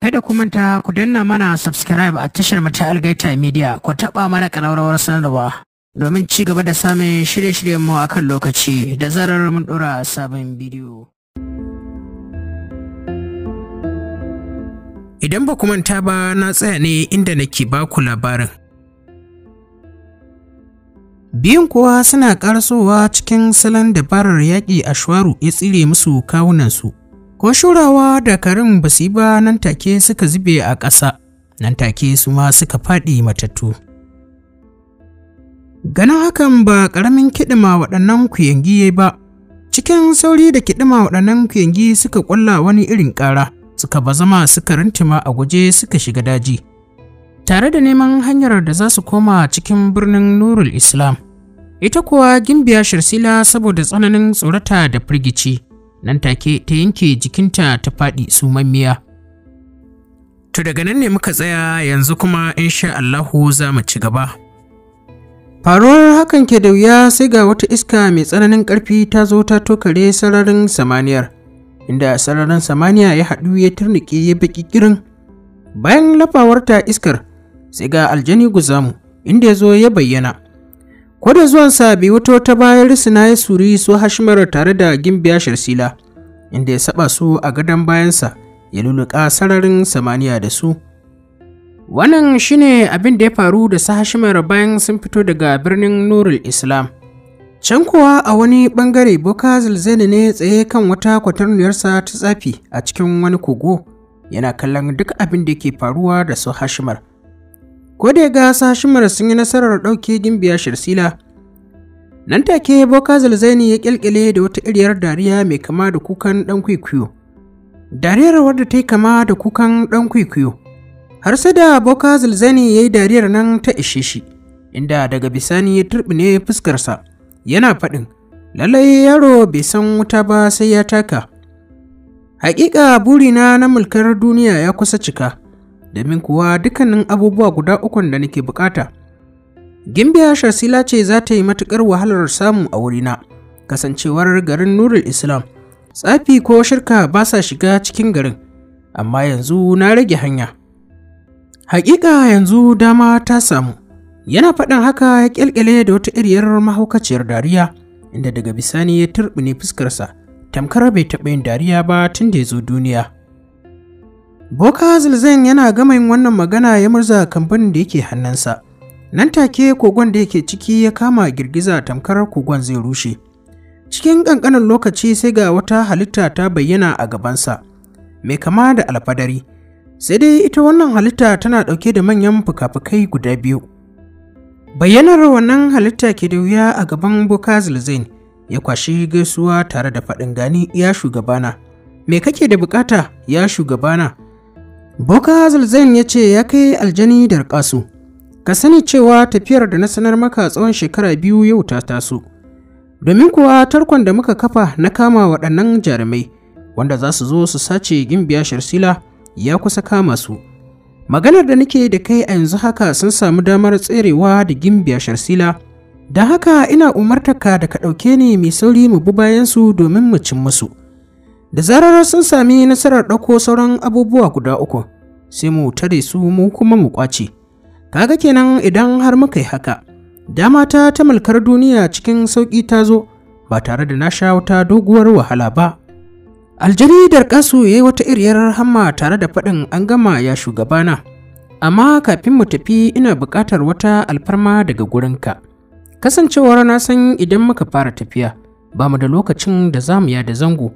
Kada ku manta ku danna mana subscribe a tashar mata Algaita Media ku taɓa mana ƙararrawar sanarwa domin ci gaba da samun shirye-shiryen mu akan lokaci da zarar mun ɗora sabon bidiyo. Idan ba ku manta ba na tsaya ne inda nake ba ku labarin. Biyun kuwa suna ƙarasowa cikin salon dabarar yaƙi a ya tsire musu kawunansu. Ko shurawa da karin ba ba nan take suka zube a ƙasa, nan take su ma suka faɗi matattu. Ganin hakan ba ƙaramin kiɗima waɗannan kuyangi ba, cikin sauri da kiɗima waɗannan kuyangi suka ƙwalla wani irin ƙara, suka bazama suka rintima a guje suka shiga daji. Tare da neman hanyar da za su koma cikin birnin Nurul Islam, ita kuwa gimbiya Sharsila saboda tsananin tsorata da firgici. nan take ta yanke jikinta ta faɗi sumammiya. To daga nan ne muka tsaya yanzu kuma insha Allahu za mu ci gaba. Faruwar hakan ke da wuya sai ga wata iska mai tsananin ƙarfi ta zo ta tokare sararin samaniyar, inda sararin samaniya ya haɗu ya turnike ya baƙi kirin. Bayan lafawarta iskar, sai ga aljani guzamu inda ya zo ya bayyana. ko da sa bai wuto ta bayar na ya suri su hashimar tare da gimbiya sharsila inda ya saba su a gadon bayansa ya luluka sararin samaniya da su wannan shine abin da ya faru da su hashimar bayan sun fito daga birnin nurul islam can kuwa a wani bangare boka zilzani ne tsaye kan wata kwatarniyarsa ta tsafi a cikin wani kogo yana kallon duk abin da ke faruwa da su hashimar ko da ya ga Sashimar sun yi nasarar ɗauke gimbiya Shirsila. Nan take Boka Zalzaini ya ƙyalƙyale da wata iriyar dariya mai kama da kukan ɗan kwikwiyo. Dariyar wadda ta yi kama da kukan ɗan kwikwiyo. Har sai da Boka Zalzaini ya yi dariyar nan ta ishe shi, inda daga bisani ya turbine fuskarsa. Yana faɗin, lallai yaro bai san wuta ba sai ya taka. Hakika burina na mulkar duniya ya kusa cika. domin kuwa dukkanin abubuwa guda ukun da nake bukata. Gimbiya Sharsila ce za ta yi matuƙar wahalar samu a wurina, kasancewar garin Nurul Islam. Tsafi ko shirka ba sa shiga cikin garin, amma yanzu na rage hanya. Hakika yanzu dama ta samu. Yana faɗin haka ya ƙyalƙyale da wata iriyar mahaukaciyar dariya, inda daga bisani ya turɓi ne fuskarsa, tamkar bai taɓa yin dariya ba tun da ya zo duniya. Boka Hazilzen yana gama yin wannan magana ya murza kamfanin da yake hannunsa. Nan take kogon da yake ciki ya kama girgiza tamkar kogon zai rushe. Cikin ƙanƙanin lokaci sai ga wata halitta ta bayyana a gabansa, mai kama da alfadari. Sai dai ita wannan halitta tana ɗauke da manyan fuka guda biyu. Bayyanar wannan halitta ke da wuya a gaban Boka Zilzain ya kwashi gaisuwa tare da faɗin gani ya shugabana. Me kake da bukata ya shugabana? Boka Hazel Zain ya ce ya kai aljani da rikasu. Ka sani cewa tafiyar da na sanar maka tsawon shekara biyu yau ta taso. Domin kuwa tarkon da muka kafa na kama waɗannan jarumai wanda za su zo su sace gimbiya sharsila ya kusa kama su. Maganar da nake da kai a yanzu haka sun samu damar tserewa da gimbiya sharsila. Da haka ina umartaka da ka ɗauke ni mai sauri mu bi bayansu domin mu cin musu. da zarar sun sami nasarar ɗauko sauran abubuwa guda uku sai mu tare su mu kuma mu ƙwace kaga kenan idan har muka yi haka dama ta ta mulkar duniya cikin sauƙi ta zo ba tare da na sha wata doguwar wahala ba aljaridar kasu ya yi wata iriyar hamma tare da faɗin an gama ya shugabana amma kafin mu tafi ina buƙatar wata alfarma daga gurinka kasancewar na san idan muka fara tafiya ba mu da lokacin da za mu da zango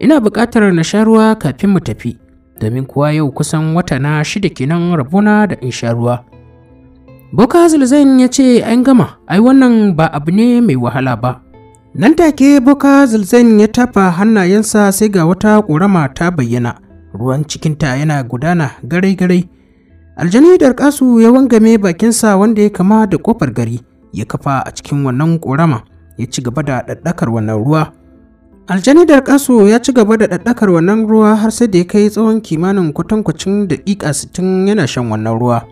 ina buƙatar na sha ruwa kafin mu tafi domin kuwa yau kusan wata na shida kenan rabona da in sha ruwa boka zulzain ya ce an gama ai wannan ba abu ne mai wahala ba nan take boka zulzain ya tafa hannayensa sai ga wata ƙorama ta bayyana ruwan cikinta yana gudana garai-garai aljani da kasu ya wangame bakinsa wanda ya kama da ƙofar gari ya kafa a cikin wannan ƙorama ya ci gaba da ɗaɗɗakar wannan ruwa aljani da kasu ya ci gaba da daddakar wannan ruwa har sai da ya kai tsawon kimanin kwatankwacin daƙiƙa sittin yana shan wannan ruwa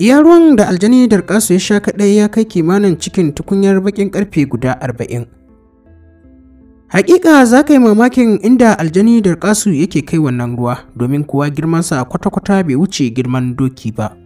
iya ruwan da aljani da kasu ya sha kaɗai ya kai kimanin cikin tukunyar baƙin ƙarfe guda arba'in Hakika za ka yi mamakin inda aljani da kasu yake kai wannan ruwa domin kuwa girmansa kwata-kwata bai wuce girman doki ba.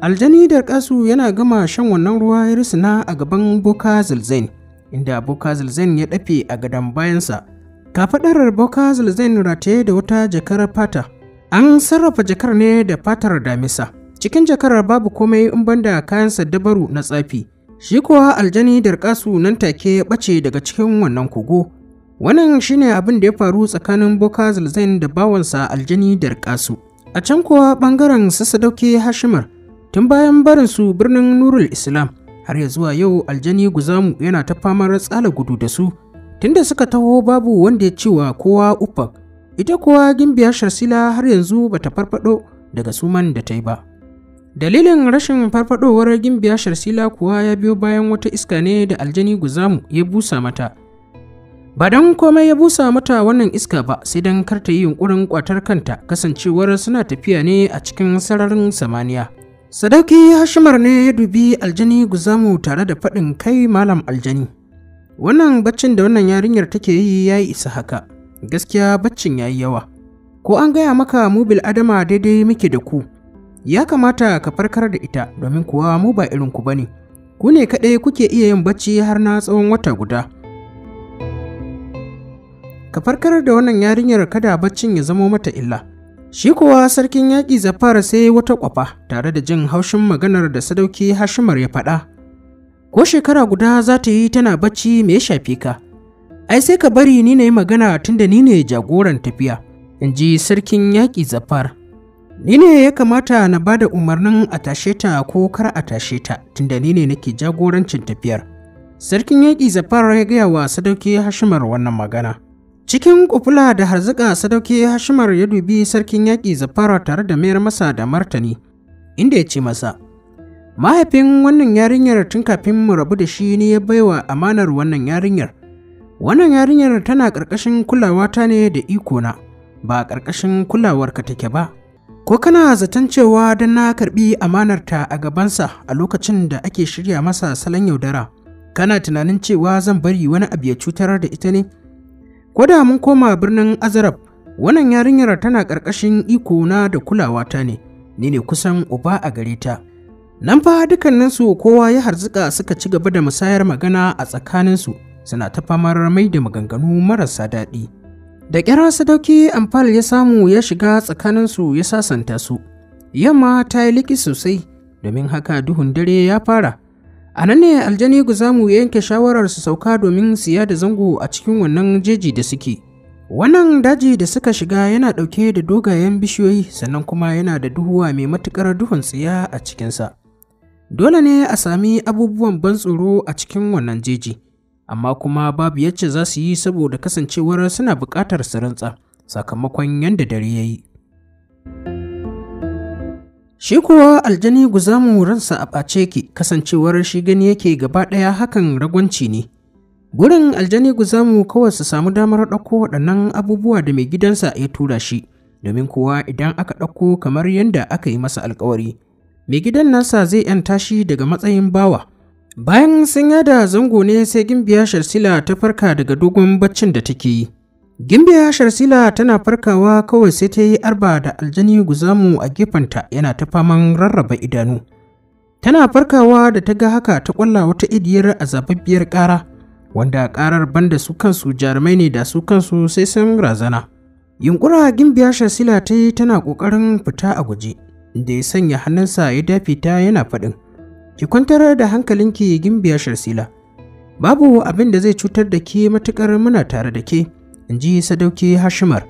Aljani da kasu yana gama shan wannan ruwa ya risina a gaban boka zalzain inda Boka Zilzen ya dafe a gadon bayansa. kafaɗarar Boka Zilzen rataye da wata jakar fata. An sarrafa jakar ne da fatar damisa. Cikin jakar babu komai in banda kayansa dabaru na tsafi. Shi kuwa aljani da Rikasu nan take ya ɓace daga cikin wannan kogo. Wannan shine abin da ya faru tsakanin Boka Zilzen da bawansa aljani da Rikasu. A can kuwa ɓangaren dauke Hashimar tun bayan barinsu birnin Nurul Islam har ya zuwa yau aljani guzamu yana ta famar tsala gudu da su tunda suka taho babu wanda ya cewa kowa ufak ita kowa gimbiyar sharsila har yanzu bata farfado daga suman da ta yi ba dalilin rashin farfadowar gimbiyar sharsila kuwa ya biyo bayan wata iska ne da aljani guzamu ya busa mata ba don komai ya busa mata wannan iska ba sai don kar ta yi yunkurin kwatar kanta kasancewar suna tafiya ne a cikin sararin samaniya Sadauki Hashimar ne ya dubi aljani guzamu tare da faɗin kai malam aljani. Wannan baccin da wannan yarinyar take yi ya yi isa haka, gaskiya baccin ya yi yawa. Ko an gaya maka mu bil adama daidai muke da ku, ya kamata ka farkar da ita domin kuwa mu ba irin ku bane. Ku ne kaɗai kuke iya yin bacci har na tsawon wata guda. Ka farkar da wannan yarinyar kada baccin ya zamo mata illa. Shi kuwa sarkin yaƙi Zafar sai wata ƙwafa tare da jin haushin maganar da sadauki Hashimar ya faɗa. Ko shekara guda za ta yi tana bacci me ya shafe ka? Ai sai ka bari ni na yi magana tunda ni ne jagoran tafiya, in ji sarkin yaƙi Zafar. Ni ne ya kamata na ba da umarnin a tashe ta ko kar a tashe ta tunda ni ne nake jagorancin tafiyar. Sarkin yaƙi Zafar ya gaya wa sadauki Hashimar wannan magana. Cikin kufula da harzuka sadauki Hashimar ya dubi sarkin yaƙi zafara tare da mayar masa da martani, inda ya ce masa, Mahaifin wannan yarinyar tun kafin mu rabu da shi ne ya baiwa amanar wannan yarinyar. Wannan yarinyar tana ƙarƙashin kulawata ne da ikona, ba ƙarƙashin kulawarka take ba. Ko kana zaton cewa don na karɓi amanarta a gabansa a lokacin da ake shirya masa salon yaudara, kana tunanin cewa zan bari wani abu ya cutar da ita ne? Kwada mun koma birnin Azarab, wannan yarinyar tana ƙarƙashin iko na da kulawa ta ne, ni ne kusan uba a gare ta. Nan fa dukkaninsu kowa ya harzuka suka ci gaba da musayar magana a tsakaninsu suna ta famar mai da maganganu marasa daɗi. Da ƙyar sadauki Amfal ya samu ya shiga tsakaninsu ya sasanta su. Yamma ta yi liki sosai domin haka duhun dare ya fara A nan ne aljani Guzamu yanke shawarar su sauka domin siya da zango a cikin wannan jeji da suke. Wannan daji da suka shiga yana ɗauke da dogayen bishiyoyi sannan kuma yana da duhuwa mai matuƙar duhun tsiya a cikinsa. Dole ne a sami abubuwan ban tsoro a cikin wannan jeji, amma kuma babu yacce za su yi saboda kasancewar suna buƙatar su rantsa sakamakon yadda dare ya yi. Shi kuwa aljani guzamu ransa a ɓace yake kasancewar shi gani yake gaba ɗaya hakan ragwanci ne. Gurin aljani guzamu kawai su samu damar ɗauko waɗannan abubuwa da mai gidansa ya tura shi, domin kuwa idan aka ɗauko kamar yadda aka yi masa alkawari. Mai gidan nasa zai ‘yanta shi daga matsayin bawa. Bayan sun yada zango ne sai gimbiya Sharsila ta farka daga dogon baccin da take yi. Gimbiya Sharsila tana farkawa kawai sai ta yi arba da aljani guzamu a gefenta yana ta faman rarraba idanu. Tana farkawa da ta ga haka ta ƙwalla wata idiyar a zababbiyar ƙara, wanda ƙarar banda su kansu jarumai ne da su kansu sai sun razana. Yunƙura Gimbiya Sharsila ta yi tana ƙoƙarin fita a guje, da ya sanya hannunsa ya dafe yana faɗin. Ki kwantar da hankalinki Gimbiya Sharsila. Babu abin da zai cutar da ke matuƙar muna tare da ke. inji sadauki hashimar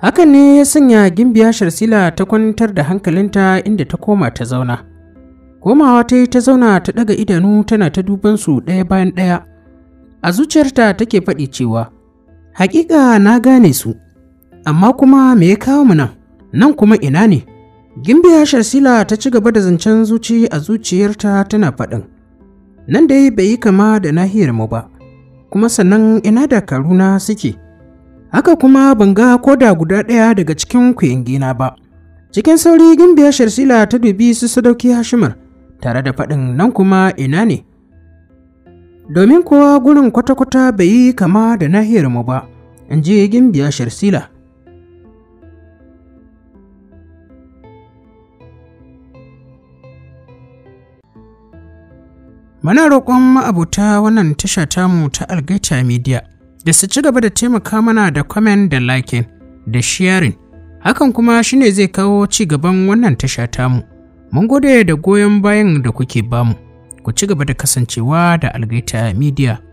hakan ne ya sanya gimbiya sharsila ta kwantar da hankalinta inda ta koma ta zauna komawa ta yi ta zauna ta ɗaga idanu tana ta duban su ɗaya bayan ɗaya a zuciyarta take faɗi cewa haƙiƙa na gane su amma kuma me ya kawo mu nan nan kuma ina ne gimbiya sharsila ta ci gaba da zancen zuci a zuciyarta tana faɗin nan dai bai yi kama da nahiyar mu ba kuma sannan ina da karuna suke haka kuma ban ga koda guda ɗaya daga cikin kuyangina ba cikin sauri gimbiya sharsila ta dubi su sadauki hashimar tare da faɗin nan kuma ina ne domin kowa gurin kwata-kwata bai yi kama da nahiyar mu ba in ji gimbiya sharsila Mana roƙon ma'abuta wannan tasha tamu ta Algaita Media da su ci gaba da taimaka mana da kwamen da liking da sharing hakan kuma shine zai kawo ci gaban wannan tasha tamu mun gode da goyon bayan da kuke bamu ku ci gaba da kasancewa da algaita media